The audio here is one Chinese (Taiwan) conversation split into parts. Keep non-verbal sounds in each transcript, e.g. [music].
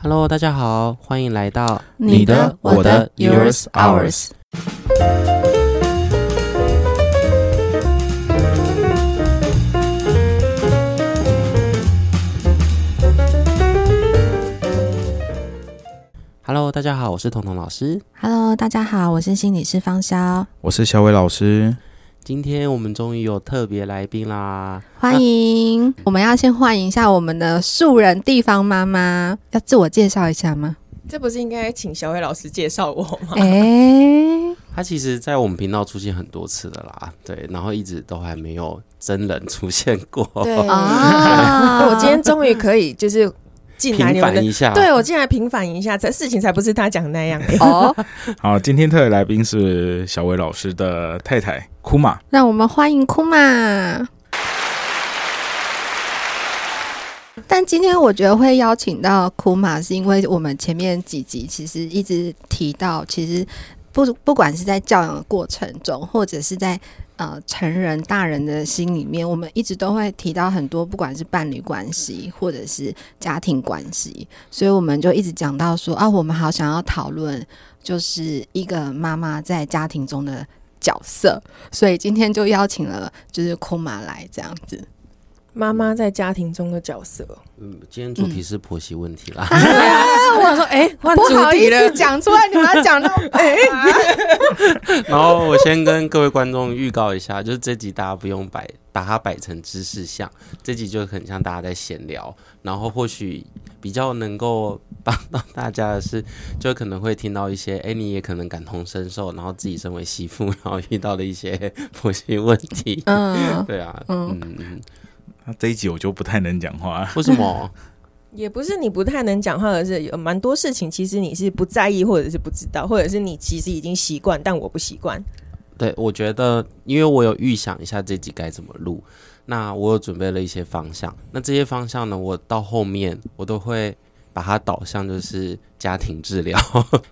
Hello，大家好，歡迎來到你的、我的、yours, ours、yours, ours。Hello，大家好，我是彤彤老師。Hello，大家好，我是心理師方瀟。我是小偉老師。今天我們終於有特別來賓啦！歡迎、啊！我們要先歡迎一下我們的素人地方媽媽，要自我介紹一下嗎？這不是應該請小偉老師介紹我嗎？哎、欸，他其實在我們頻道出現很多次的啦，對，然後一直都還沒有真人出現過。對，哦、 [laughs] 對，我今天終於可以就是。進來平反一下對，對我進來平反一下，這事情才不是他講的那樣、 [laughs] 哦。好，今天特別來賓是小威老師的太太庫瑪，讓我們歡迎庫瑪。 [laughs] 但今天我覺得會邀請到庫瑪，是因為我們前面幾集其實一直提到，其實。不，不管是在教養的過程中，或者是在呃成人大人的心裡面，我們一直都會提到很多，不管是伴侶關係，或者是家庭關係，所以我們就一直講到說啊，我們好想要討論，就是一個媽媽在家庭中的角色，所以今天就邀請了就是 Kuma 來這樣子。媽媽在家庭中的角色。嗯，今天主題是婆媳問題啦。嗯 [laughs] [laughs] 啊、我說，哎、欸，不好意思講出來，你媽講到哎。欸啊、 [laughs] 然後我先跟各位觀眾預告一下，就是這集大家不用擺，把它擺成知識像，這集就很像大家在閒聊。然後或許比較能夠幫到大家的是，就可能會聽到一些，哎、欸，你也可能感同身受，然後自己身為媳婦，然後遇到了一些婆媳問題。嗯， [laughs] 對啊，嗯。嗯這一集我就不太能講話，為什麼？ [laughs] 也不是你不太能講話，而是有蠻多事情，其實你是不在意，或者是不知道，或者是你其實已經習慣，但我不習慣。對，我覺得，因為我有預想一下這集該怎麼錄，那我有準備了一些方向，那這些方向呢，我到後面我都會把它導向就是家庭治療，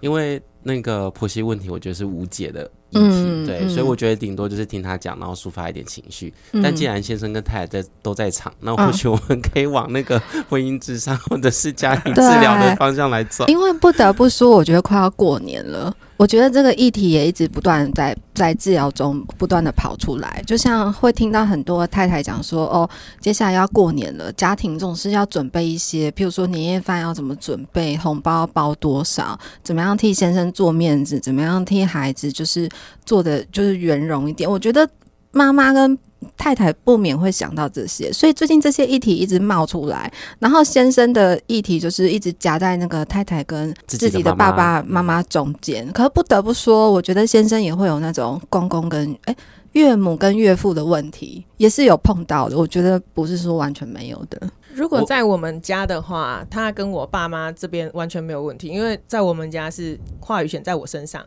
因為那個婆媳問題，我覺得是無解的。嗯，對嗯，所以我覺得頂多就是聽他講，然後抒發一點情緒、嗯。但既然先生跟太太在都在場，嗯、那或許我們可以往那個婚姻諮商，或者是家庭、啊、治療的方向來走。因為不得不說，我覺得快要過年了。 [laughs] 我覺得這個議題也一直不斷在在治療中不斷的跑出來，就像會聽到很多太太講說：“哦，接下來要過年了，家庭總是要準備一些，譬如說年夜飯要怎麼準備，紅包要包多少，怎麼樣替先生做面子，怎麼樣替孩子就是做的就是圓融一點。”我覺得媽媽跟太太不免會想到這些，所以最近這些議題一直冒出來。然後先生的議題就是一直夾在那個太太跟自己的爸爸媽媽中間、嗯。可是不得不說，我覺得先生也會有那種公公跟誒、欸、岳母跟岳父的問題，也是有碰到的。我覺得不是說完全沒有的。如果在我們家的話，他跟我爸媽這邊完全沒有問題，因為在我們家是話語權在我身上。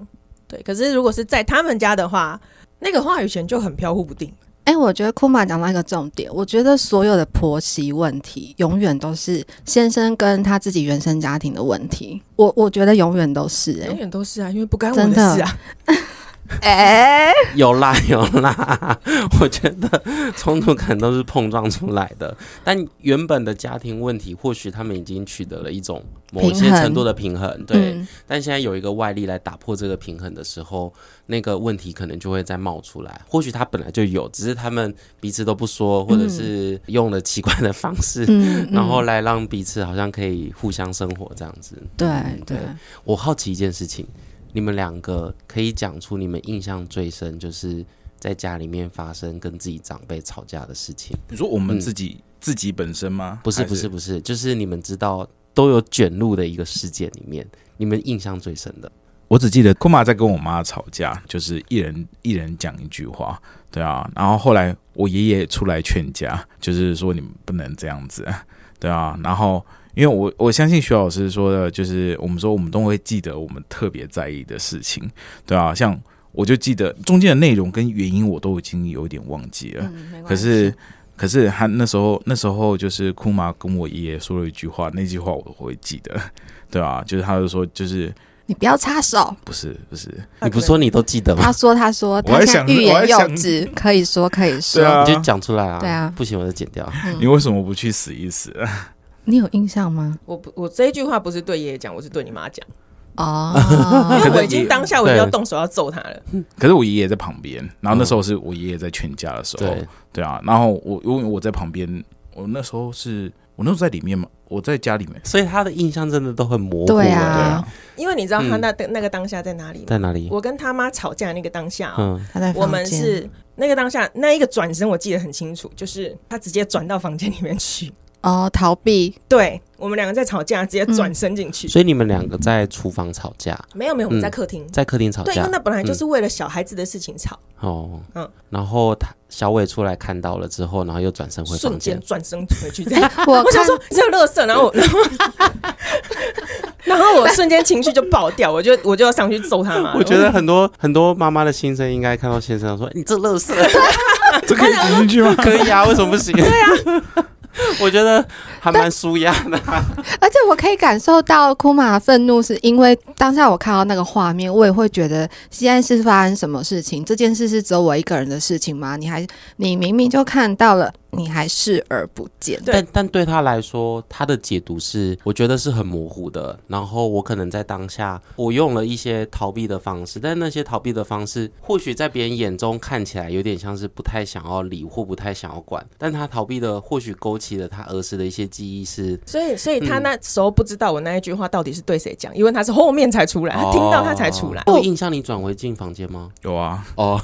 對，可是如果是在他們家的話，那個話語權就很飄忽不定。哎、欸，我覺得庫瑪講到一個重點，我覺得所有的婆媳問題永遠都是先生跟他自己原生家庭的問題。我我覺得永遠都是、欸，永遠都是啊，因為不該我的啊。 [laughs] 哎、欸， [laughs] 有啦有啦，我覺得衝突可能都是碰撞出來的，但原本的家庭問題，或許他們已經取得了一種某些程度的平衡，對。嗯、但現在有一個外力來打破這個平衡的時候，那個問題可能就會再冒出來。或許他本來就有，只是他們彼此都不說，或者是用了奇怪的方式，嗯嗯然後來讓彼此好像可以互相生活這樣子。對對，對，我好奇一件事情。你們兩個可以講出你們印象最深，就是在家裡面發生跟自己長輩吵架的事情。比如說我們自己、嗯、自己本身嗎？不是不是不是，是就是你們知道都有捲入的一個事件裡面，你們印象最深的。我只記得庫瑪在跟我媽吵架，就是一人一人講一句話，對啊。然後後來我爺爺出來勸架，就是說你們不能這樣子，對啊。然後。因為我我相信徐老師說的，就是我們說我們都會記得我們特別在意的事情，對啊，像我就記得中間的內容跟原因，我都已經有點忘記了。嗯，沒關係。可是可是他那時候那時候就是庫瑪跟我爺爺說了一句話，那句話我都會記得，對啊，就是他就說，就是你不要插手，不是不是、啊，你不說你都記得嗎？他說他說，我還想欲言又止，可以說可以說，以說對啊、你就講出來啊，對啊，不行我就剪掉、嗯。你為什麼不去死一死、啊？你有印象嗎？我不，我這一句話不是對爺爺講，我是對你媽講哦。因為我已經當下我就要動手要揍他了。可是我爺爺在旁邊，然後那時候是我爺爺在勸架的時候、嗯對，對啊。然後我因為我在旁邊，我那時候是我那時候在裡面嘛，我在家裡面，所以他的印象真的都很模糊、啊對啊。對啊，因為你知道他那、嗯、那個當下在哪裡嗎？在哪裡？我跟他媽吵架的那個當下，嗯，他在房間。我們是那個當下，那一個轉身我記得很清楚，就是他直接轉到房間裡面去。哦、oh，逃避，對，我們兩個在吵架，直接轉身進去、嗯。所以你們兩個在廚房吵架？沒有沒有，我們在客廳、嗯，在客廳吵架。對，因為那本來就是為了小孩子的事情吵。嗯、哦，嗯。然後他小偉出來看到了之後，然後又轉身回房間，瞬間轉身回去這樣 [laughs] 我。我想說，這垃圾，然後然後， [laughs] [laughs] [laughs] 然後我瞬間情緒就爆掉，我就我就要上去揍他嘛。 [laughs] 我覺得很多很多媽媽的心聲，應該看到先生說：“ [laughs] 欸、你這垃圾， [laughs] [laughs] 這可以擠進去嗎 [laughs] ？”可以啊，為什麼不行？ [laughs] 對呀、啊。 [laughs] [laughs] 我覺得還蠻舒壓的， [laughs] 而且我可以感受到庫瑪憤怒，是因為當下我看到那個畫面，我也會覺得現在是發生什麼事情，這件事是只有我一個人的事情嗎？你還你明明就看到了。你還視而不見對，但但對他來說，他的解讀是我覺得是很模糊的。然後我可能在當下，我用了一些逃避的方式，但那些逃避的方式，或許在別人眼中看起來有點像是不太想要理或不太想要管。但他逃避的，或許勾起了他兒時的一些記憶是，是所以所以他那時候不知道我那一句話到底是對誰講、嗯，因為他是後面才出來，哦、他聽到他才出來。我、哦、有印象你轉回進房間嗎？有啊，哦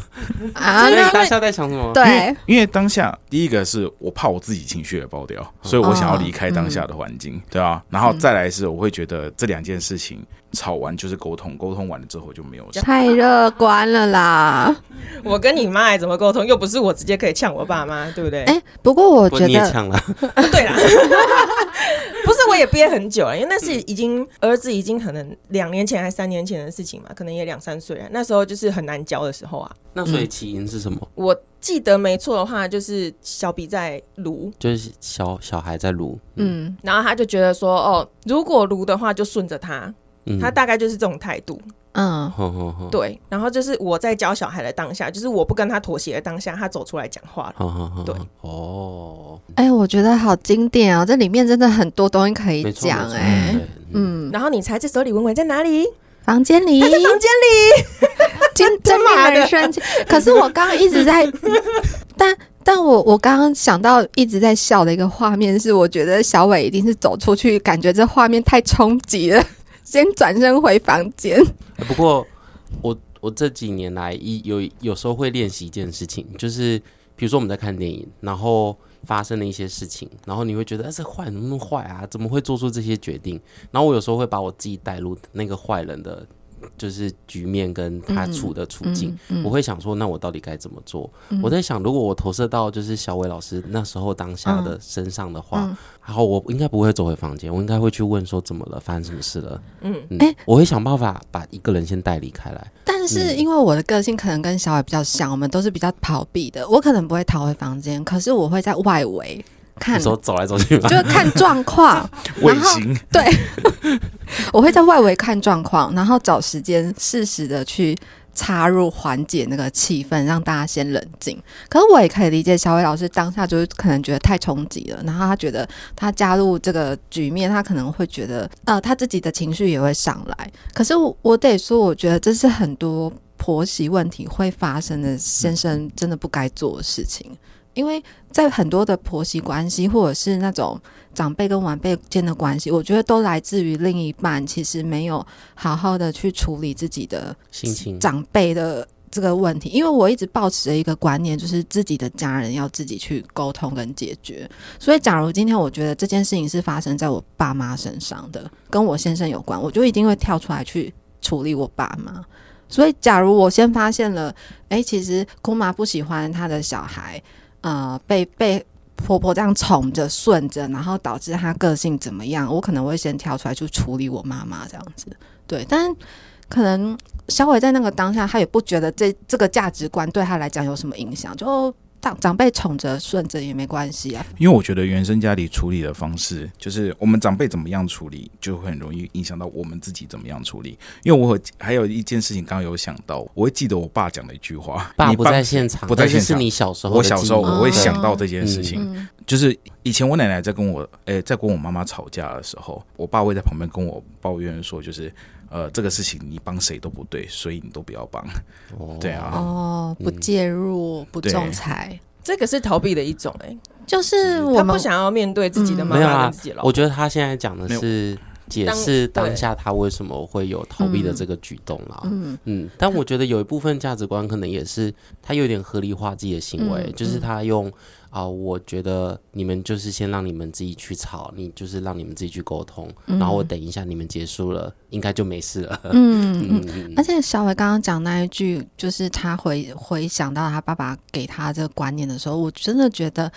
啊，當下在想什麼？對，因為,因為當下第一個是。就是我怕我自己情緒也爆掉。嗯，所以我想要離開當下的環境。哦嗯，對啊，然後再來是，我會覺得這兩件事情吵，嗯、完就是溝通，溝通完了之後就沒有。太樂觀了啦！ [laughs] 我跟你媽還怎麼溝通？又不是我直接可以嗆我爸媽，對不對？哎，欸，不過我覺得嗆了。對了，不是我也憋很久了，因為那是已經、嗯、兒子已經可能兩年前還三年前的事情嘛，可能也兩三歲了，那時候就是很難教的時候啊。那所以起因是什麼？嗯、我。記得沒錯的話，就是小比在盧，就是小小孩在盧嗯，嗯，然後他就覺得說，哦，如果盧的話，就順着他、嗯，他大概就是這種態度，嗯，對呵呵呵，然後就是我在教小孩的當下，就是我不跟他妥協的當下，他走出來講話了，呵呵呵對，哦，哎，我覺得好經典啊、哦，這裡面真的很多東西可以講哎，哎，嗯，然後你猜這手裡文文在哪裡？房間裡， [music] 房間裡，真真的很生氣。 [laughs] 可是我剛剛一直在， [laughs] 但但我我剛剛想到一直在笑的一個畫面是，我覺得小偉一定是走出去，感覺這畫面太衝擊了，先轉身回房間。欸，不過，我我這幾年來一有有時候會練習一件事情，就是譬如說我們在看電影，然後。發生了一些事情，然後你會覺得，哎，這壞人那麼壞啊？怎麼會做出這些決定？然後我有時候會把我自己帶入那個壞人的。就是局面跟他處的處境，嗯嗯嗯、我會想說，那我到底該怎麼做？嗯？我在想，如果我投射到就是小偉老師那時候當下的身上的話，嗯、好，我應該不會走回房間，我應該會去問說怎麼了，發生什麼事了？嗯，嗯欸、我會想辦法把一個人先帶離開來。但是因為我的個性可能跟小偉比較像，我們都是比較逃避的，我可能不會逃回房間，可是我會在外圍。看，走來走去吧， [laughs] 就是看狀況。 [laughs] 衛星。然後對， [laughs] 我會在外圍看狀況，然後找時間適時的去插入緩解那個氣氛，讓大家先冷靜。可是我也可以理解，小偉老師當下就是可能覺得太衝擊了，然後他覺得他加入這個局面，他可能會覺得呃，他自己的情緒也會上來。可是我，我得說，我覺得這是很多婆媳問題會發生的先生真的不該做的事情。嗯因為在很多的婆媳關係，或者是那種長輩跟晚輩間的關係，我覺得都來自於另一半其實沒有好好的去處理自己的心情，長輩的這個問題。因為我一直抱持着一個觀念，就是自己的家人要自己去溝通跟解決。所以，假如今天我覺得這件事情是發生在我爸媽身上的，跟我先生有關，我就一定會跳出來去處理我爸媽。所以，假如我先發現了，哎、欸，其實姑媽不喜歡他的小孩。呃，被被婆婆這樣寵着、順着，然後導致她個性怎麼樣？我可能會先跳出來去處理我媽媽這樣子。對，但可能小偉在那個當下，他也不覺得這這個價值觀對他來講有什麼影響，就。長輩寵着順着也沒關係啊，因為我覺得原生家裡處理的方式，就是我們長輩怎麼樣處理，就很容易影響到我們自己怎麼樣處理。因為我還有一件事情，剛剛有想到，我會記得我爸講的一句話，爸不在現場，不在現場是是，你小時候，我小時候我會想到這件事情，啊、就是以前我奶奶在跟我，欸、在跟我媽媽吵架的時候，我爸會在旁邊跟我抱怨說，就是。呃，這個事情你幫誰都不對，所以你都不要幫，哦、對啊。哦，不介入、嗯、不仲裁，這個是逃避的一種哎、欸嗯，就是他不想要面對自己的媽媽、嗯啊、我覺得他現在講的是解釋當下他為什麼會有逃避的這個舉動了。嗯嗯，但我覺得有一部分價值觀可能也是他有點合理化自己的行為，嗯、就是他用。好，我覺得你們就是先讓你們自己去吵，你就是讓你們自己去溝通，然後我等一下你們結束了，嗯、應該就沒事了。嗯嗯嗯。而且小偉剛剛講那一句，就是他回回想到他爸爸給他這個觀念的時候，我真的覺得。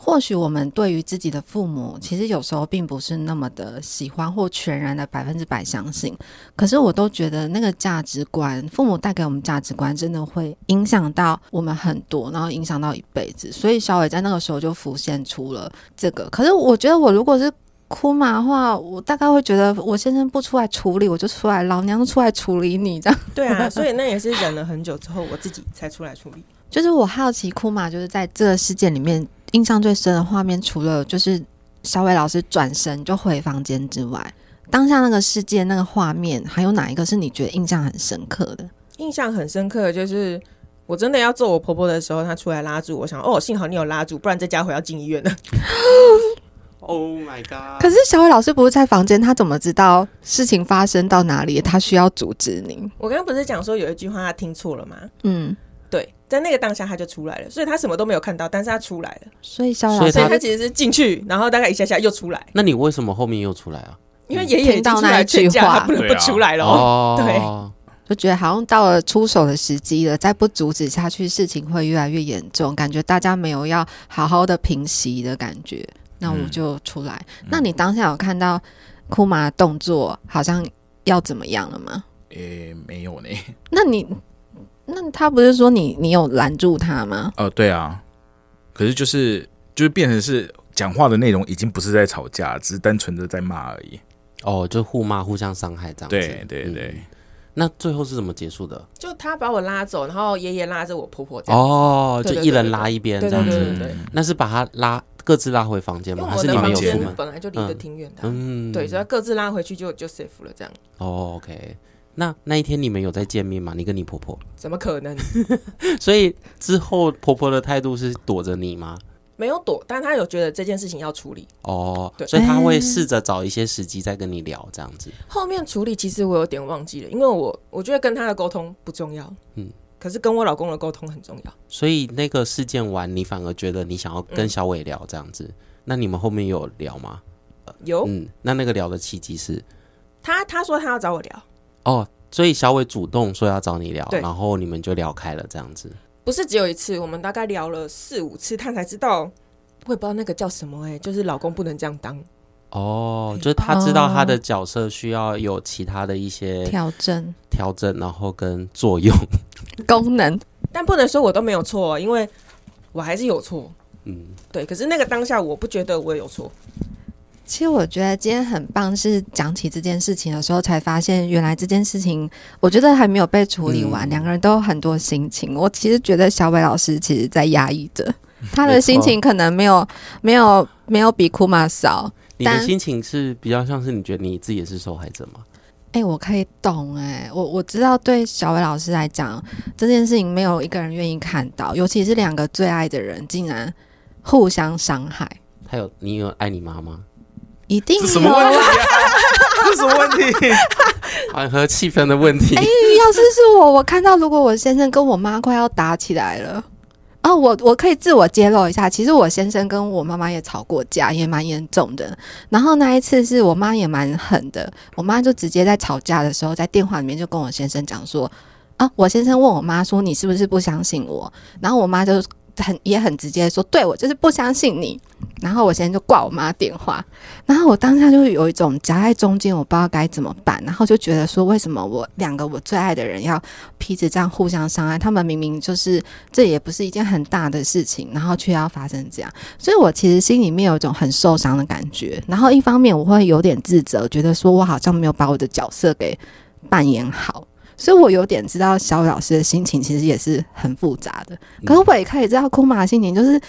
或許我們對於自己的父母，其實有時候並不是那麼的喜歡或全然的百分之百相信。可是，我都覺得那個價值觀，父母帶給我們價值觀，真的會影響到我們很多，然後影響到一輩子。所以，小偉在那個時候就浮現出了這個。可是，我覺得我如果是哭嘛的話，我大概會覺得，我先生不出來處理，我就出來，老娘出來處理你這樣。對啊，所以那也是忍了很久之後， [laughs] 我自己才出來處理。就是我好奇哭嘛，就是在這個事件裡面。印象最深的畫面，除了就是小偉老師轉身就回房間之外，當下那個世界那個畫面，還有哪一個是你覺得印象很深刻的？印象很深刻的就是我真的要揍我婆婆的時候，她出來拉住我。想，想哦，幸好你有拉住，不然這家伙要進醫院了。 [laughs] Oh my God！可是小偉老師不是在房間，他怎麼知道事情發生到哪裡？他需要阻止你。我剛剛不是講說有一句話他聽錯了嗎？嗯。在那個當下他就出來了，所以他什麼都沒有看到，但是他出來了。所以蕭老師，所以，所以，他其實是進去，然後大概一下下又出來。那你為什麼後面又出來啊？因為爺爺到那一句話，他不能不出來了哦，對、啊對哦，就覺得好像到了出手的時機了，再不阻止下去，事情會越來越嚴重。感覺大家沒有要好好的平息的感覺，那我就出來、嗯。那你當下有看到庫瑪的動作好像要怎麼樣了嗎？誒、嗯嗯欸，沒有呢。那你？那他不是說你你有攔住他嗎？哦、呃，對啊，可是就是就是變成是講話的內容已經不是在吵架，只是單純的在罵而已。哦，就互罵、互相傷害這樣子。對對對、嗯。那最後是怎麼結束的？就他把我拉走，然後爺爺拉着我婆婆。哦，就一人拉一邊這樣子。對對對對對對、嗯。那是把他拉各自拉回房間嗎？間還是你們沒有出門？本來就離得挺遠的、啊嗯。嗯。對，所以他各自拉回去就就 safe 了這樣、哦。OK。那那一天你們有在見面嗎？你跟你婆婆怎麼可能？ [laughs] [laughs] 所以之後婆婆的態度是躲着你嗎？沒有躲，但她有覺得這件事情要處理。哦，對，所以她會試着找一些時機再跟你聊，哎，這樣子。後面處理其實我有點忘記了，因為我我覺得跟她的溝通不重要。嗯，可是跟我老公的溝通很重要。所以那個事件完，你反而覺得你想要跟小偉聊，嗯，這樣子。那你們後面有聊嗎？呃、有。嗯，那那個聊的契機是，他他說他要找我聊。哦、oh, 所以小偉主動說要找你聊，然後你們就聊開了，這樣子。不是只有一次，我們大概聊了四五次，他才知道，我也不知道那個叫什麼、欸，哎，就是老公不能這樣當。哦、oh, 欸，就是他知道他的角色需要有其他的一些調、啊、整、調整，然後跟作用功能，但不能說我都沒有錯、哦，因為我還是有錯。嗯，對，可是那個當下我不覺得我也有錯。其實我覺得今天很棒，是講起這件事情的時候，才發現原來這件事情，我覺得還沒有被處理完、嗯，兩個人都有很多心情。我其實覺得小偉老師其實，在壓抑着他的心情，可能沒有沒,沒有沒有比庫瑪少、啊但。你的心情是比較像是你覺得你自己也是受害者嗎？哎、欸，我可以懂哎、欸，我我知道對小偉老師來講，這件事情沒有一個人願意看到，尤其是兩個最愛的人竟然互相傷害。他有你有愛你媽媽？一定有這什麼問題啊， [laughs] 這是什麼問題？ [laughs] 緩和氣氛的問題，欸。哎，要是是我。我看到，如果我先生跟我媽快要打起來了， [laughs] 啊，我我可以自我揭露一下。其實我先生跟我媽媽也吵過架，也蠻嚴重的。然後那一次是我媽也蠻狠的，我媽就直接在吵架的時候在電話裡面就跟我先生講說：“啊，我先生問我媽說你是不是不相信我？”然後我媽就。很也很直接說，對，我就是不相信你。然後我現在就掛我媽電話，然後我當下就有一種夾在中間，我不知道該怎麼辦。然後就覺得說，為什麼我兩個我最愛的人要彼此這樣互相傷害？他們明明就是這也不是一件很大的事情，然後卻要發生這樣。所以我其實心裡面有一種很受傷的感覺。然後一方面我會有點自責，覺得說我好像沒有把我的角色給扮演好。所以我有點知道小偉老師的心情，其實也是很複雜的。嗯、可是我也開始知道庫馬的心情，就是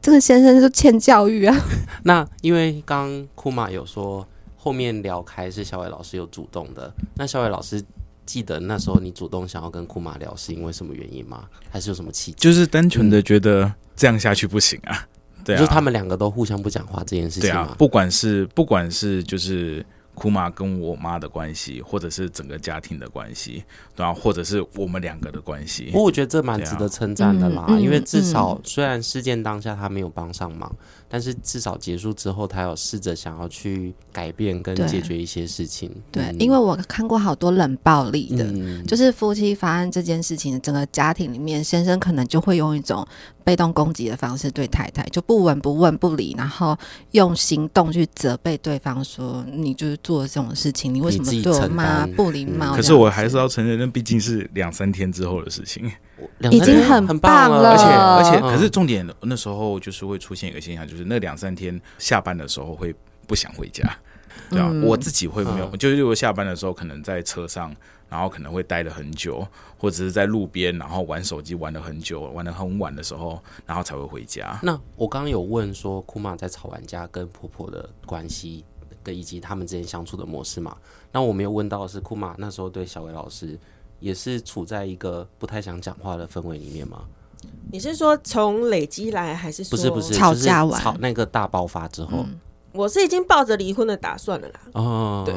這個先生就欠教育啊。 [laughs] 那因為剛庫馬有說後面聊開是小偉老師有主動的。那小偉老師記得那時候你主動想要跟庫馬聊，是因為什麼原因嗎？還是有什麼契機？就是單純的覺得這樣下去不行啊。嗯、對，啊對啊，就是他們兩個都互相不講話這件事情，對啊，不管是不管是就是。哭媽跟我媽的關係，或者是整個家庭的關係，然後或者是我們兩個的關係。不過我覺得這蠻值得稱讚的啦、嗯，因為至少雖然事件當下他沒有幫上忙。但是至少結束之後，他有試着想要去改變跟解決一些事情對、嗯。對，因為我看過好多冷暴力的、嗯，就是夫妻發案這件事情，整個家庭裡面，先生可能就會用一種被動攻擊的方式對太太，就不聞不問不理，然後用行動去責備對方說，說你就是做這種事情，你為什麼對我媽不禮貌、嗯？可是我還是要承認，那畢竟是兩三天之後的事情。已經很很棒了，而且而且，可是重點，那時候就是會出現一個現象，嗯、就是那兩三天下班的時候會不想回家，嗯、對啊，我自己會沒有，嗯、就是我下班的時候可能在車上，然後可能會待了很久，或者是在路邊，然後玩手機玩了很久，玩得很晚的時候，然後才會回家。那我剛剛有問說，庫瑪在吵完架跟婆婆的關係跟以及他們之間相處的模式嘛？那我沒有問到的是庫瑪那時候對小偉老師。也是處在一個不太想講話的氛圍裡面嗎？你是說從累積來，還是說不是不是，吵架完吵那個大爆發之後？嗯、我是已經抱着離婚的打算了啦。哦，對，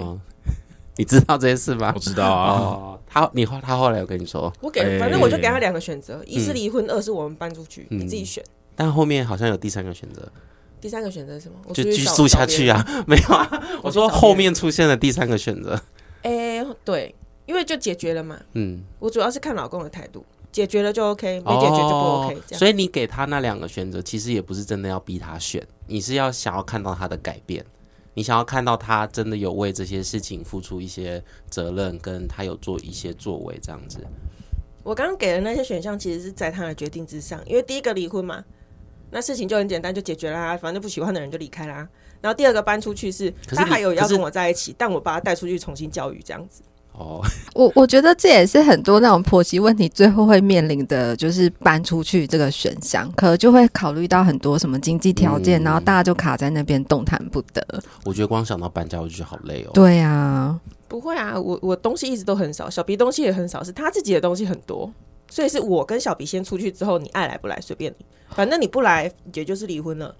你知道這件事嗎？我知道啊、哦。他你他後來有跟你說？我給，反正我就給他兩個選擇，一是離婚，二是我們搬出去、欸，嗯、你自己選。但後面好像有第三個選擇、嗯。第三個選擇是什麼？就繼續住下去啊？沒有啊？我說後面出現了第三個選擇。哎，對。因為就解決了嘛，嗯，我主要是看老公的態度，解決了就 OK，沒解決就不 OK。這樣。哦，所以你給他那兩個選擇，其實也不是真的要逼他選，你是要想要看到他的改變，你想要看到他真的有為這些事情付出一些責任，跟他有做一些作為這樣子。我剛剛給的那些選項，其實是在他的決定之上，因為第一個離婚嘛，那事情就很簡單，就解決了啊，反正不喜歡的人就離開啦。然後第二個搬出去是，是他還有要跟我在一起，但我把他帶出去重新教育這樣子。哦、oh, [laughs] 我我覺得這也是很多那種婆媳問題最後會面臨的，就是搬出去這個選項，可能就會考慮到很多什麼經濟條件、嗯，然後大家就卡在那邊動彈不得。我覺得光想到搬家，我就覺得好累哦。對呀、啊，不會啊，我我東西一直都很少，小皮東西也很少，是他自己的東西很多，所以是我跟小皮先出去之後，你愛來不來隨便你，反正你不來也就是離婚了。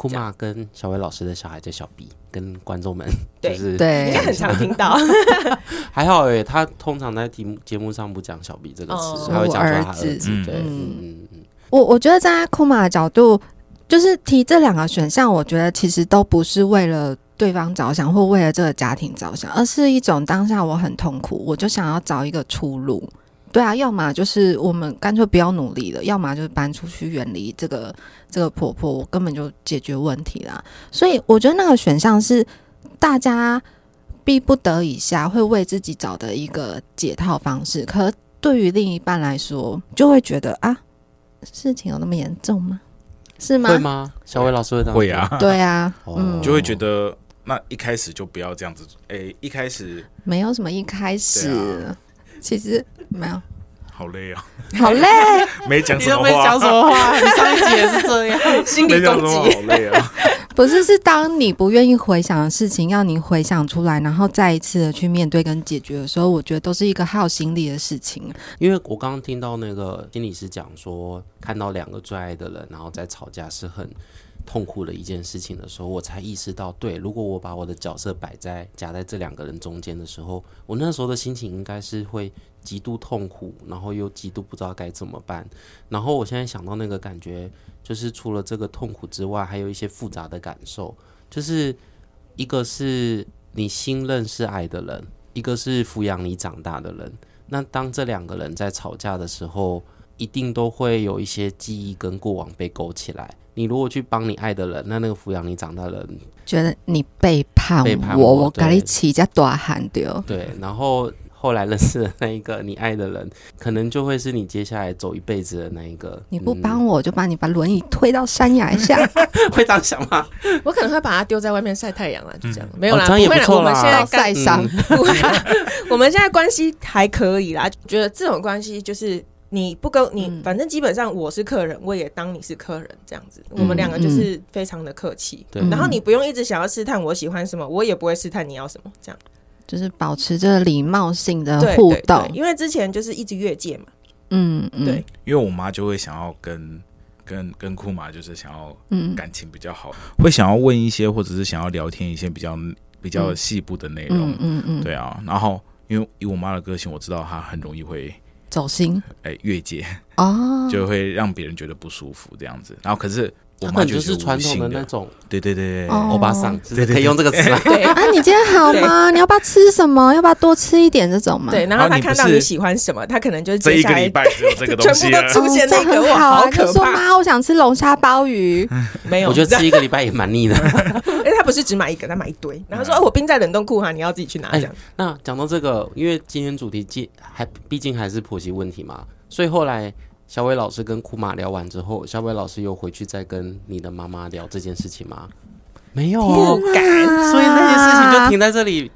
庫瑪跟小偉老師的小孩叫小 B，跟觀眾們就是對， [laughs] 對，應該很常聽到。 [laughs] [laughs] 還好哎、欸，他通常在節目節目上不講小 B 這個詞，oh. 會講他會講他兒子。對，嗯嗯嗯。我我覺得在庫瑪的角度，就是提這兩個選項，我覺得其實都不是為了對方着想，或為了這個家庭着想，而是一種當下我很痛苦，我就想要找一個出路。對啊，要麼就是我們乾脆不要努力了，要麼就是搬出去遠離這個這個婆婆，我根本就解決問題啦。所以我覺得那個選項是大家逼不得已下會為自己找的一個解套方式。可對於另一半來說，就會覺得啊，事情有那麼嚴重嗎？是嗎？對嗎？小薇老師會這樣會啊，對啊， [laughs] 嗯，就會覺得那一開始就不要這樣子。哎、欸，一開始沒有什麼一開始。其實沒有，好累啊！好累啊，沒講什麼話，你沒講什麼話， [laughs] 上一集也是這樣， [laughs] 心理攻擊，好累啊！不是，是當你不願意回想的事情，要你回想出來，然後再一次的去面對跟解決的時候，我覺得都是一個耗心力的事情。因為我剛剛聽到那個心理師講說，看到兩個最愛的人，然後在吵架，是很。痛苦的一件事情的時候，我才意識到，對，如果我把我的角色擺在夾在這兩個人中間的時候，我那時候的心情應該是會極度痛苦，然後又極度不知道該怎麼辦。然後我現在想到那個感覺，就是除了這個痛苦之外，還有一些複雜的感受，就是一個是你新認識愛的人，一個是撫養你長大的人，那當這兩個人在吵架的時候。一定都會有一些記憶跟過往被勾起來。你如果去幫你愛的人，那那個撫養你長大的人覺得你背叛我、叛我跟你起家大喊丟對，然後後來認識的那一個你愛的人， [laughs] 可能就會是你接下來走一輩子的那一個。你不幫我就把你把輪椅推到山崖下？ [laughs] 會這樣想嗎？ [laughs] 我可能會把它丟在外面曬太陽啦。就這樣，嗯、沒有啦，哦、不錯啦不會。我們現在蓋傷，曬嗯、 [laughs] [laughs] 我們現在關係還可以啦，覺得這種關係就是。你不跟，你反正基本上我是客人，我也當你是客人，這樣子，我們兩個就是非常的客氣。對。然後你不用一直想要試探我喜歡什麼，我也不會試探你要什麼，這樣。就是保持着禮貌性的互動。對對、對。因為之前就是一直越界嘛。嗯嗯。對。因為我媽就會想要跟跟跟庫瑪，就是想要嗯感情比較好，會想要問一些，或者是想要聊天一些比較比較細部的內容。嗯嗯嗯。對啊。然後因為以我媽的個性，我知道她很容易會。走心、欸，哎，越界哦，oh. 就會讓別人覺得不舒服這樣子。然後可是。原本就是傳統的那種，對對對，對、oh. 歐巴桑，我把嗓子可以用這個詞、啊。對，對，對，對 [laughs] 啊，你今天好嗎？你要不要吃什麼？要不要多吃一點這種嘛？對，然後他看到你喜歡什麼，他可能就接下來這一個禮拜這個東西對全部都出現那個哇，好可怕！ [laughs] 說媽，我想吃龍蝦鮑魚。 [laughs] 沒有，我覺得吃一個禮拜也蠻膩的。 [laughs] 因為他不是只買一個，他買一堆。然後說，我冰在冷凍庫哈，你要自己去拿這樣。欸、那講到這個，因為今天主題還畢竟還是婆媳問題嘛，所以後來。小偉老師跟庫瑪聊完之後，小偉老師又回去再跟你的媽媽聊這件事情嗎？沒有，不敢、啊，所以那件事情就停在這裡。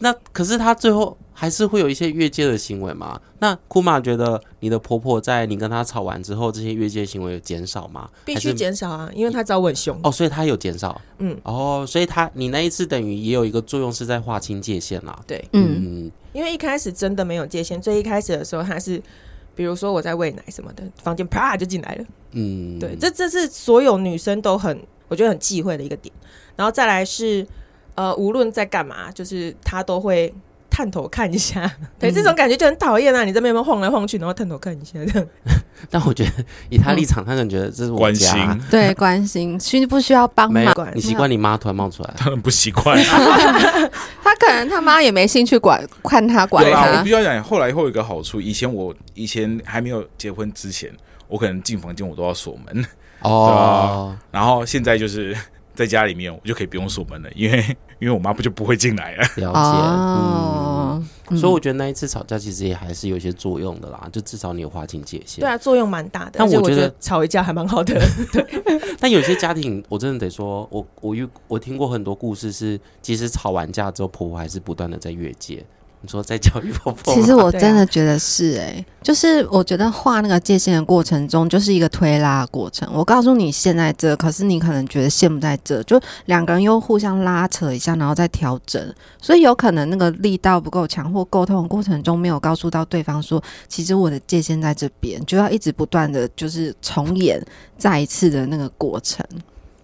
那可是他最後還是會有一些越界的行為嘛？那庫瑪覺得你的婆婆在你跟她吵完之後，這些越界行為有減少嗎？必須減少啊，因為她找我很凶哦，所以她有減少。嗯，哦，所以她你那一次等於也有一個作用是在劃清界限啦、啊。對，嗯，因為一開始真的沒有界限，最一開始的時候還是。比如說我在餵奶什麼的，房間啪就進來了。嗯，對，這這是所有女生都很，我覺得很忌諱的一個點。然後再來是，呃，無論在幹嘛，就是她都會。探頭看一下，對，這種感覺就很討厭啊！你在那邊晃來晃去，然後探頭看一下。但我覺得以他立場，他可能覺得這是我關心，對，關心需不需要幫忙。你習慣你媽突然冒出來，他很不習慣，啊。 [laughs] [laughs] 他可能他媽也沒興趣管看他管他。對啊，我必須要講，後來會有一個好處，以前我以前還沒有結婚之前，我可能進房間我都要鎖門哦。然後現在就是。在家裡面，我就可以不用鎖門了，因為因為我媽不就不會進來了。了解。哦、嗯嗯，所以我覺得那一次吵架其實也還是有些作用的啦，嗯、就至少你有劃清界限。對啊，作用蠻大的。但我，我覺得吵一架還蠻好的。 [laughs] 對， [laughs] 但有些家庭我真的得說，我我我聽過很多故事是，是即使吵完架之後，婆婆還是不斷的在越界。你說在教育婆婆？其實我真的覺得是哎、欸啊，就是我覺得畫那個界限的過程中，就是一個推拉的過程。我告訴你，線在這，可是你可能覺得線不在這，就兩個人又互相拉扯一下，然後再調整。所以有可能那個力道不夠強，或溝通的過程中沒有告訴到對方說，其實我的界限在這邊，就要一直不斷的，就是重演再一次的那個過程。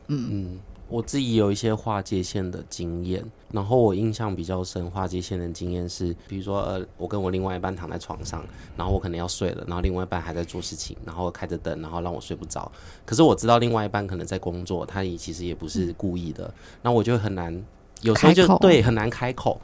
嗯嗯，我自己有一些畫界限的經驗。然後我印象比較深，花這些的經驗是，比如說，呃，我跟我另外一半躺在床上，然後我可能要睡了，然後另外一半還在做事情，然後開着燈，然後讓我睡不着。可是我知道另外一半可能在工作，他也其實也不是故意的。那我就很難，有時候就對很難開口。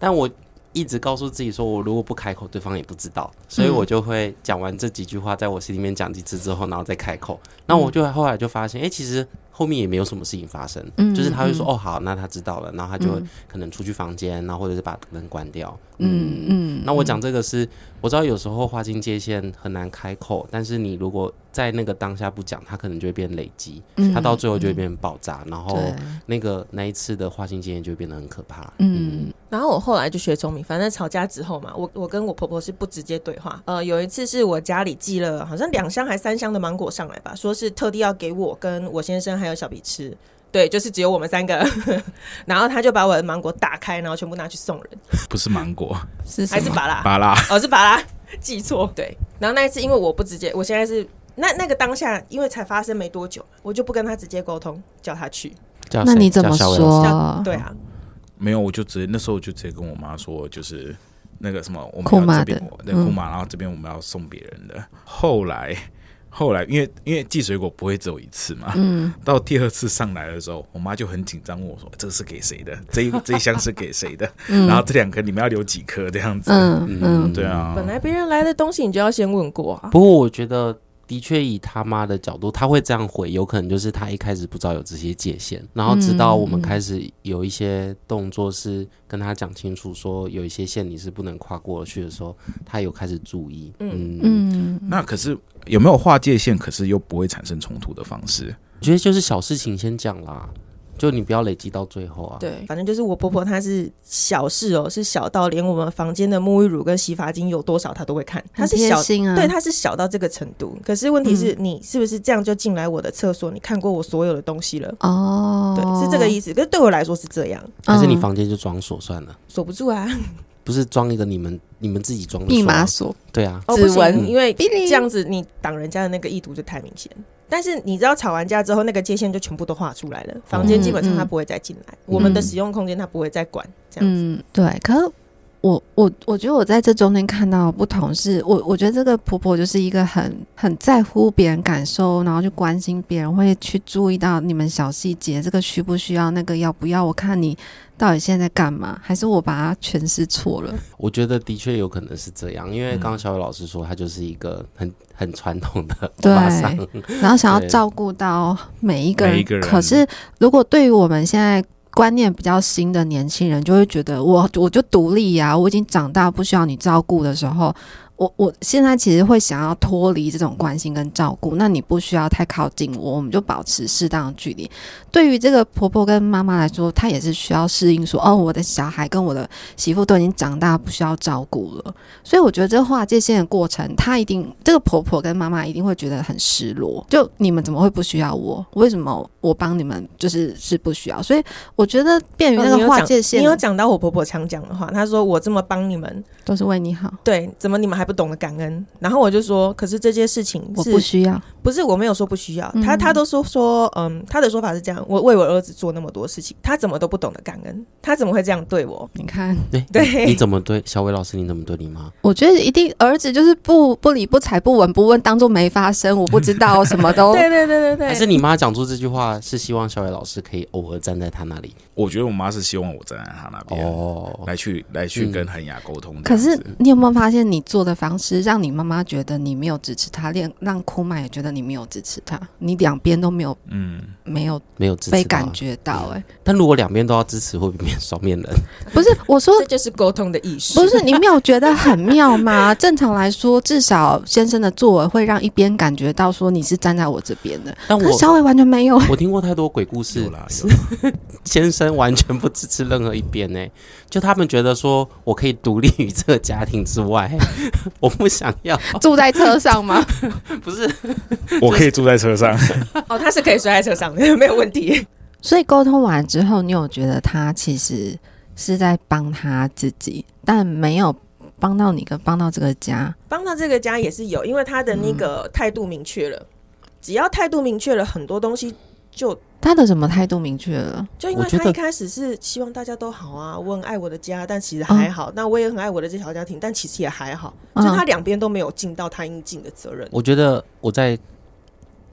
但我一直告訴自己說，我如果不開口，對方也不知道。所以我就會講完這幾句話，在我心裡面講幾次之後，然後再開口。那我就後來就發現，誒，其實。後面也沒有什麼事情發生，嗯，就是他會說哦好，那他知道了，然後他就會可能出去房間，嗯，然後或者是把燈關掉，嗯嗯，嗯。那我講這個是，我知道有時候劃清界限很難開口，但是你如果在那個當下不講，他可能就會變累積，他到最後就會變爆炸，嗯，然後那個那一次的劃清界限就會變得很可怕，嗯，嗯。然後我後來就學聰明，反正吵架之後嘛，我我跟我婆婆是不直接對話，呃，有一次是我家裡寄了好像兩箱還三箱的芒果上來吧，說是特地要給我跟我先生還。還有小皮吃，對，就是只有我們三個呵呵，然後他就把我的芒果打開，然後全部拿去送人，不是芒果， [laughs] 是還是芭樂芭樂，哦是芭樂，記錯，對，然後那一次因為我不直接，我現在是那那個當下，因為才發生沒多久，我就不跟他直接溝通，叫他去，那你怎麼說？對啊，沒有，我就直接那時候我就直接跟我媽說，就是那個什麼，我們這邊那姑媽，媽，然後這邊我們要送別人的，嗯、後來。後來，因為因為寄水果不會只有一次嘛，嗯，到第二次上來的時候，我媽就很緊張問我說：“這是給誰的？這一這一箱是給誰的、嗯？然後這兩顆你們要留幾顆？這樣子。嗯”嗯嗯，對啊。本來別人來的東西你、啊，嗯嗯啊、東西你就要先問過啊。不過我覺得，的確以他媽的角度，她會這樣回，有可能就是她一開始不知道有這些界限，然後直到我們開始有一些動作是跟她講清楚，說有一些線你是不能跨過去的時候，她有開始注意。嗯嗯，嗯，那可是。有沒有劃界限，可是又不會產生衝突的方式？我覺得就是小事情，先講啦，就你不要累積到最後啊。對，反正就是我婆婆她，是小事哦、喔，是小到連我們房間的沐浴乳跟洗髮精有多少，她都會看。她是小心、啊，對，她是小到這個程度。可是問題是、嗯、你是不是這樣就進來我的廁所？你看過我所有的東西了？哦，對，是這個意思。可是對我來說是這樣，可、嗯、是你房間就裝鎖算了，鎖不住啊。不是裝一個你們你們自己裝密碼鎖，對啊，指紋、嗯，因為這樣子你擋人家的那個意圖就太明顯。但是你知道，吵完架之後，那個界限就全部都畫出來了，嗯、房間基本上他不會再進來、嗯，我們的使用空間他不會再管。嗯、這樣子，嗯、對。可是我我我覺得我在這中間看到不同是，我我覺得這個婆婆就是一個很很在乎別人感受，然後去關心別人，會去注意到你們小細節，這個需不需要，那個要不要，我看你。到底現在在幹嘛？還是我把它詮釋錯了？我覺得的確有可能是這樣，因為剛剛小偉老師說他就是一個很很傳統的、嗯，對，然後想要照顧到每一個人。每一個人。可是如果對於我們現在觀念比較新的年輕人，就會覺得我我就獨立呀，啊，我已經長大，不需要你照顧的時候。我我現在其實會想要脫離這種關心跟照顧，那你不需要太靠近我，我們就保持適當的距離。對於這個婆婆跟媽媽來說，她也是需要適應說，說哦，我的小孩跟我的媳婦都已經長大，不需要照顧了。所以我覺得這劃界線的過程，她一定這個婆婆跟媽媽一定會覺得很失落。就你們怎麼會不需要我？為什麼我幫你們就是是不需要？所以我覺得便於那個劃界線，你有講到我婆婆常講的話，她說我這麼幫你們都是為你好。對，怎麼你們還？不懂得感恩，然後我就說：“可是這件事情我不需要，不是我沒有說不需要。嗯”他他都說說嗯，他的說法是這樣：我為我兒子做那麼多事情，他怎麼都不懂得感恩，他怎麼會這樣對我？你看，對，欸、你怎麼對小偉老師？你怎麼對你媽？我覺得一定兒子就是不不理不睬不聞不問，當做沒發生。我不知道什麼都 [laughs] 對,對對對對對。還是你媽講出這句話是希望小偉老師可以偶爾站在他那裡？我覺得我媽是希望我站在他那邊哦，來去來去跟恆雅溝通、嗯。可是你有沒有發現你做的？方式讓你媽媽覺得你沒有支持他，連讓庫麥也覺得你沒有支持他，你兩邊都沒有，嗯，沒有沒有被支持感覺到、欸，哎，但如果兩邊都要支持，會不會變雙面人？不是，我說 [laughs] 這就是溝通的意思。不是你沒有覺得很妙嗎？ [laughs] 正常來說，至少先生的作為會讓一邊感覺到說你是站在我這邊的，但我稍微完全沒有，我聽過太多鬼故事了， [laughs] 先生完全不支持任何一邊，哎，就他們覺得說我可以獨立於這個家庭之外。 [laughs] 我不想要住在車上嗎？ [laughs] 不是，我可以住在車上 [laughs] 。哦，他是可以睡在車上的，沒有問題。所以溝通完之後，你有覺得他其實是在幫他自己，但沒有幫到你跟幫到這個家。幫到這個家也是有，因為他的那個態度明確了，只要態度明確了很多東西就。他的什麼態度明確了？就因為他一開始是希望大家都好啊，我我很愛我的家，但其實還好、啊；那我也很愛我的這小家庭，但其實也還好。啊、就他兩邊都沒有盡到他應盡的責任。我覺得我再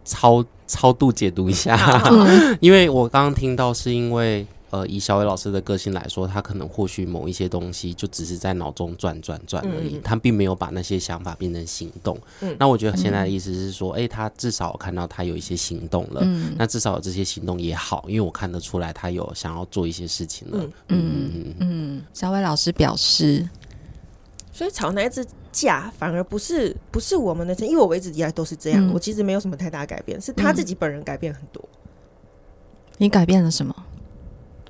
超超度解讀一下，啊、好好 [laughs] 因為我剛剛聽到是因為。呃，以小偉老師的個性來說，他可能或許某一些東西就只是在腦中轉轉轉而已，嗯，他並沒有把那些想法變成行動。嗯，那我覺得現在的意思是說，哎，嗯欸，他至少我看到他有一些行動了，嗯，那至少有這些行動也好，因為我看得出來他有想要做一些事情了。嗯嗯，嗯，嗯，嗯，小偉老師表示，所以吵那一次架反而不是不是我們的，因為我一直以來都是這樣，嗯，我其實沒有什麼太大改變，是他自己本人改變很多。嗯，你改變了什麼？Okay.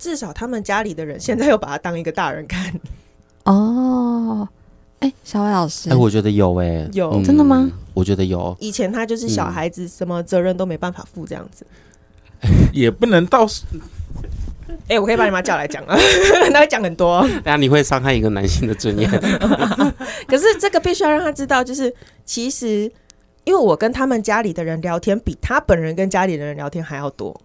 至少他們家裡的人現在又把他當一個大人看哦，哎、欸，小偉老師，哎、欸，我覺得有、欸，哎，有、嗯、真的嗎？我覺得有。以前他就是小孩子，什麼責任都沒辦法負這樣子，也不能到。哎、欸，我可以把你媽叫來講啊， [laughs] [laughs] 他會講很多。但你會傷害一個男性的尊嚴。 [laughs] [laughs] 可是這個必須要讓他知道，就是其實，因為我跟他們家裡的人聊天，比他本人跟家裡的人聊天還要多。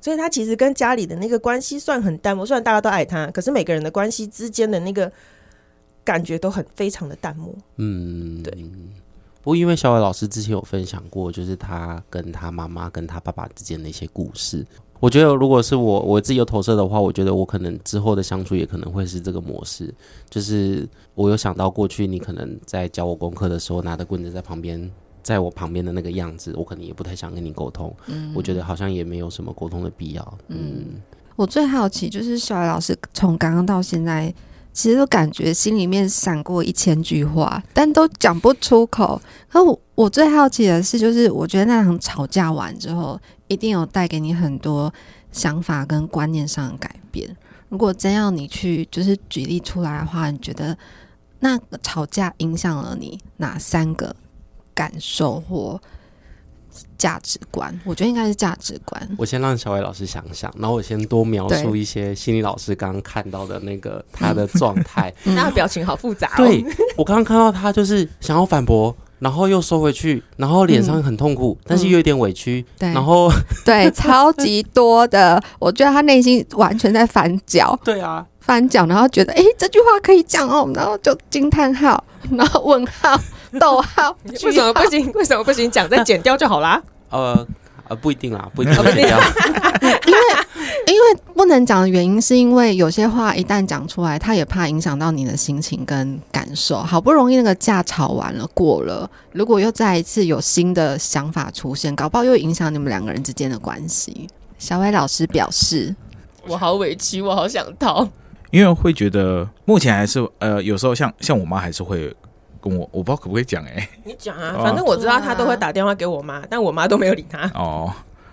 所以他其實跟家裡的那個關係算很淡漠，雖然大家都愛他，可是每個人的關係之間的那個感覺都很非常的淡漠。嗯，對。不過因為小偉老師之前有分享過，就是他跟他媽媽跟他爸爸之間的一些故事。我覺得如果是我，我自己有投射的話，我覺得我可能之後的相處也可能會是這個模式。就是我有想到過去，你可能在教我功課的時候，拿着棍子在旁邊，在我旁邊的那個樣子，我可能也不太想跟你溝通。嗯，我覺得好像也沒有什麼溝通的必要嗯。嗯，我最好奇就是小艾老師從剛剛到現在，其實都感覺心裡面閃過一千句話，但都講不出口。可我我最好奇的是，就是我覺得那場吵架完之後，一定有帶給你很多想法跟觀念上的改變。如果真要你去就是舉例出來的話，你覺得那個吵架影響了你哪三個？感受或價值觀，我覺得應該是價值觀。我先讓小偉老師想想，然後我先多描述一些心理老師剛剛看到的那個他的狀態。那 [laughs] 表情好複雜、哦。 [laughs] 對，我剛剛看到他就是想要反駁，然後又收回去，然後臉上很痛苦，但是又有點委屈。對、 [laughs] 嗯，然後對， [laughs] 對，超級多的。 [laughs] 我覺得他內心完全在翻腳。對啊，翻腳，然後覺得哎、欸、這句話可以講哦，然後就驚嘆號，然後問號。 [laughs] 逗號！為什麼不行？為什麼不行？講再剪掉就好啦。 [laughs] 呃呃，不一定啦，不一定，不一定。因為因為不能講的原因，是因為有些話一旦講出來，他也怕影響到你的心情跟感受。好不容易那個架吵完了過了，如果又再一次有新的想法出現，搞不好又影響你們兩個人之間的關係。小偉老師表示：“我好委屈，我好想逃。”因為會覺得目前還是呃，有時候像像我媽還是會。跟我，我不知道可不可以講，哎、欸，你講啊，、哦、啊,反正我知道他都會打電話給我媽、啊,但我媽都沒有理他。哦,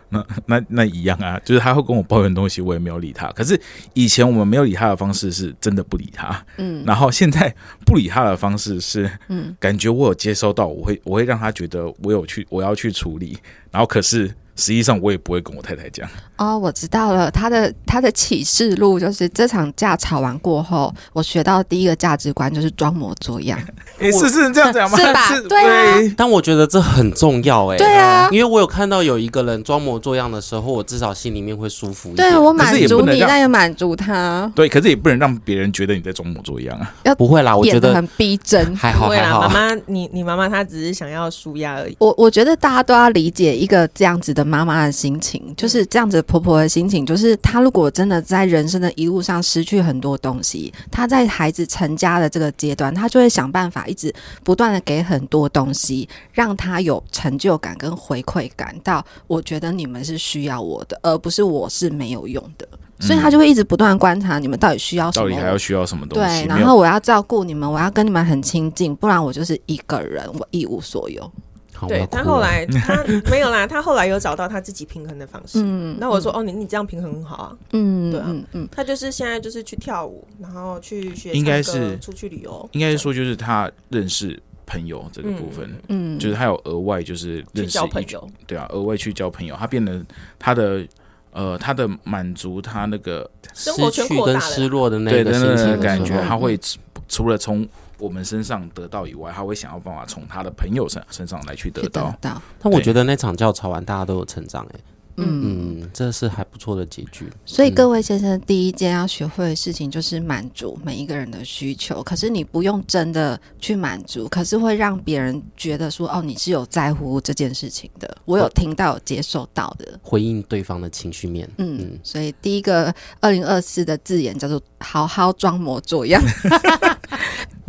那那那一樣啊,就是他會跟我抱怨東西,我也沒有理他。可是以前我們沒有理他的方式是真的不理他，嗯，然後現在不理他的方式是，嗯，感覺我有接收到，我會我會讓他覺得我有去，我要去處理，然後可是。實際上我也不會跟我太太講哦，oh, 我知道了。他的他的啟示錄就是這場架吵完過後，我學到第一個價值觀就是裝模作樣。 [laughs] 欸、是是這樣講嗎？ [laughs] 是吧？是、對啊。但我覺得這很重要哎、欸。對啊，因為我有看到有一個人裝模作樣的時候，我至少心裡面會舒服一點。對我滿足你，但又滿足他。對，可是也不能讓別人覺得你在裝模作樣啊。要不會啦，我覺得很逼真。不會啦，媽媽，你你媽媽她只是想要舒壓而已。我我覺得大家都要理解一個這樣子的。媽媽的心情就是這樣子，婆婆的心情就是，她如果真的在人生的一路上失去很多東西，她在孩子成家的這個階段，她就會想辦法一直不斷的給很多東西，讓她有成就感跟回饋感到。我覺得你們是需要我的，而不是我是沒有用的。嗯，所以她就會一直不斷觀察你們到底需要什麼，到底還要需要什麼東西。對，然後我要照顧你們，我要跟你們很親近，不然我就是一個人，我一無所有。好好啊，對，他後來他沒有啦，他後來有找到他自己平衡的方式。嗯， [laughs] 那我說哦，你你這樣平衡很好啊。嗯，對啊，嗯，他就是現在就是去跳舞，然後去學習，應該是出去旅遊。應該是說就是他認識朋友這個部分，嗯，嗯，就是他有額外就是認識朋友，對啊，額外去交朋友，他變得他的呃他的滿足他那個失去跟失落的那個心情的感覺，他會除了從。我們身上得到以外，他會想要辦法從他的朋友身身上來去得，去得到。但我覺得那場教吵完，大家都有成長、欸、嗯，嗯，這是還不錯的結局。所以各位先生、嗯，第一件要學會的事情就是滿足每一個人的需求。可是你不用真的去滿足，可是會讓別人覺得說哦，你是有在乎這件事情的。我有聽到、哦、有接受到的回應對方的情緒面嗯。嗯，所以第一個二零二四的字眼叫做“好好裝模作樣。” [laughs]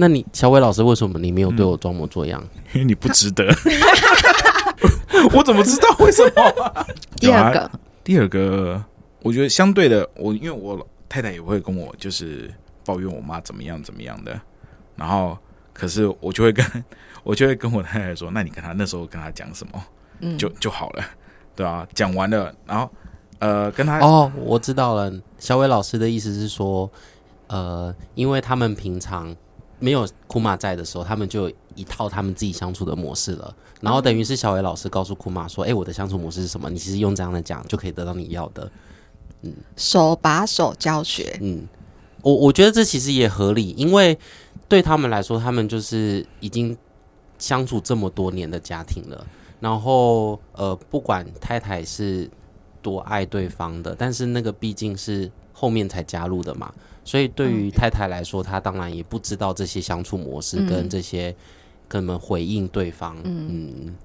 那你小偉老師為什麼你沒有對我裝模作樣，嗯？因為你不值得。 [laughs] [laughs] 我怎麼知道為什麼？ [laughs] 第二個、啊，第二個，我覺得相對的，我因為我太太也會跟我就是抱怨我媽怎麼樣怎麼樣的，然後可是我就會跟我就會跟我太太說，那你跟她那時候跟她講什麼，嗯、就就好了，對吧，啊？講完了，然後呃，跟她哦，我知道了，小偉老師的意思是說，呃，因為他們平常。沒有庫瑪在的時候，他們就有一套他們自己相處的模式了。嗯、然後等於是小偉老師告訴庫瑪說：“哎、欸，我的相處模式是什麼？你其實用這樣的講就可以得到你要的。”嗯，手把手教學。嗯，我我覺得這其實也合理，因為對他們來說，他們就是已經相處這麼多年的家庭了。然後呃，不管太太是多愛對方的，但是那個畢竟是。後面才加入的嘛，所以對於太太來說、嗯，她當然也不知道這些相處模式跟這些怎、嗯、們回應對方。嗯，哎、嗯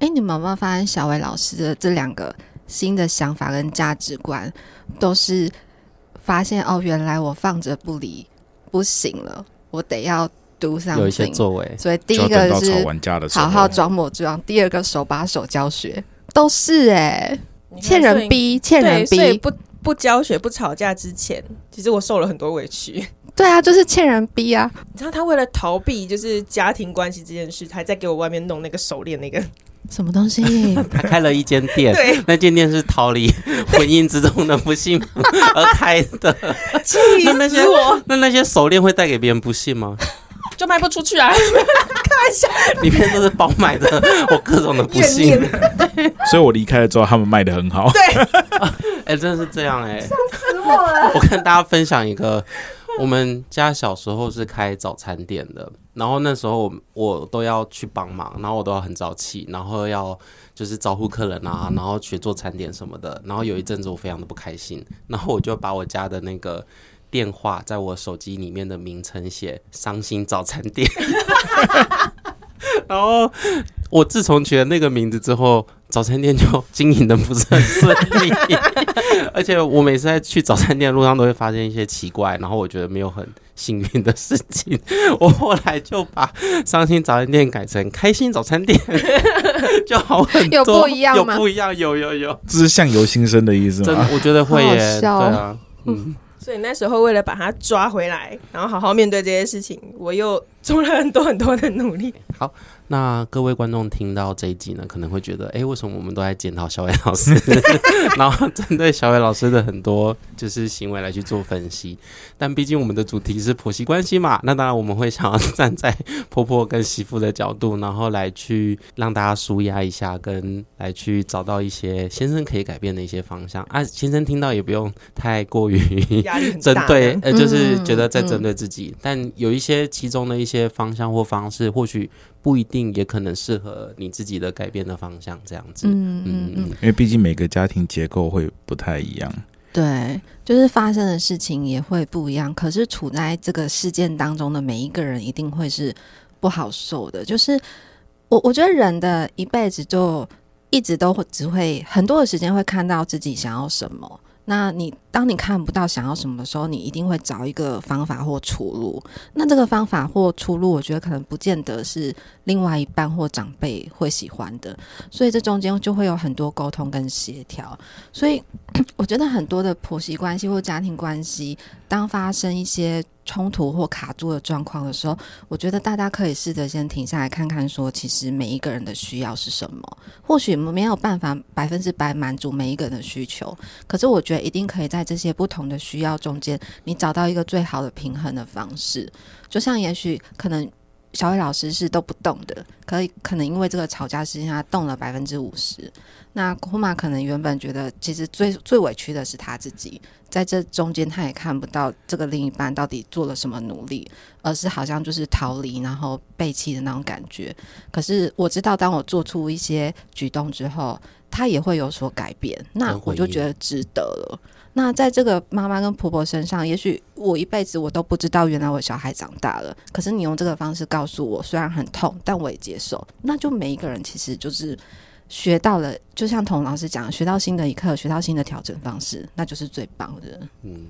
欸，你們有沒有發現小偉老師的這兩個新的想法跟價值觀，都是發現哦，原來我放着不離不行了，我得要讀上一些作為。所以第一個是好好裝模作樣；第二個手把手教學，都是哎、欸，欠人逼，欠人逼不交教學不吵架之前，其實我受了很多委屈。對啊，就是欠人逼啊！你知道他為了逃避就是家庭關係這件事，還在給我外面弄那個手鏈那個什麼東西。 [laughs] 他開了一間店，對，那間店是逃離婚姻之中的不幸而開的。 [laughs] 那那些那那些手鏈會帶給別人不幸嗎？ [laughs] 就賣不出去啊！開玩笑一下， [laughs] 裡面都是包買的，我各種的不幸。 [laughs] 所以，我離開了之後，他們賣得很好。對。呃哎、欸，真的是這樣哎、欸！笑死我了！ [laughs] 我跟大家分享一個，我們家小時候是開早餐店的，然後那時候我我都要去幫忙，然後我都要很早起，然後要就是招呼客人啊，然後去做餐點什麼的。然後有一陣子我非常的不開心，然後我就把我家的那個電話在我手機裡面的名稱寫“傷心早餐店。” [laughs] 然後我自從取了那個名字之後。早餐店就經營的不是很順利， [laughs] 而且我每次在去早餐店的路上都會發現一些奇怪，然後我覺得沒有很幸運的事情。我後來就把傷心早餐店改成開心早餐店 [laughs] 就好很多。有不一樣嗎？有不一樣，有有有，這是相由心生的意思嗎？真的我覺得會耶，對啊，哦、嗯。所以那時候為了把它抓回來，然後好好面對這件事情，我又做了很多很多的努力。好。那各位觀眾聽到這一集呢，可能會覺得，誒、欸，為什麼我們都在檢討小偉老師？ [laughs] [laughs] 然後針對小偉老師的很多就是行為來去做分析。但畢竟我們的主題是婆媳關係嘛，那當然我們會想要站在婆婆跟媳婦的角度，然後來去讓大家舒壓一下，跟來去找到一些先生可以改變的一些方向。啊，先生聽到也不用太過於壓力很大，針對，呃、嗯，就是覺得在針對自己、嗯嗯。但有一些其中的一些方向或方式，或許。不一定，也可能適合你自己的改變的方向，這樣子。嗯嗯嗯，因為畢竟每個家庭結構會不太一樣。嗯，對，就是發生的事情也會不一樣。可是處在這個事件當中的每一個人，一定會是不好受的。就是我，我覺得人的一輩子就一直都只會很多的時間會看到自己想要什麼。那你。當你看不到想要什麼的時候，你一定會找一個方法或出路。那這個方法或出路，我覺得可能不見得是另外一半或長輩會喜歡的，所以這中間就會有很多溝通跟協調。所以 [coughs] 我覺得很多的婆媳關係或家庭關係，當發生一些衝突或卡住的狀況的時候，我覺得大家可以試着先停下來看看，說其實每一個人的需要是什麼。或許沒有辦法百分之百滿足每一個人的需求，可是我覺得一定可以在。在這些不同的需要中間，你找到一個最好的平衡的方式。就像也許可能小偉老師是都不動的，可可能因為這個吵架事件，他動了百分之五十。那姑媽可能原本覺得其實最最委屈的是他自己，在這中間他也看不到這個另一半到底做了什麼努力，而是好像就是逃離然後背棄的那種感覺。可是我知道，當我做出一些舉動之後，他也會有所改變。那我就覺得值得了。那在這個媽媽跟婆婆身上，也許我一輩子我都不知道，原來我小孩長大了。可是你用這個方式告訴我，雖然很痛，但我也接受。那就每一個人其實就是學到了，就像童老師講，學到新的一課，學到新的調整方式，那就是最棒的。嗯。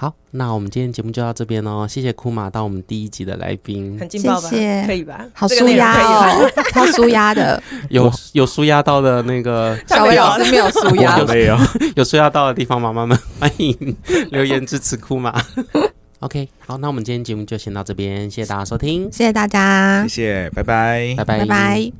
好，那我們今天節目就到這邊嘍、哦。謝謝庫馬，到我們第一集的來賓，嗯、很勁爆吧謝謝？可以吧？好舒壓哦，這個、 [laughs] 超舒壓的，有有舒壓到的那個，小薇老師沒有舒壓，有，有舒壓到的地方，媽媽們歡迎留言支持庫馬。 [laughs] OK，好，那我們今天節目就先到這邊，謝謝大家收聽，謝謝大家，謝謝，拜拜，拜拜拜，拜。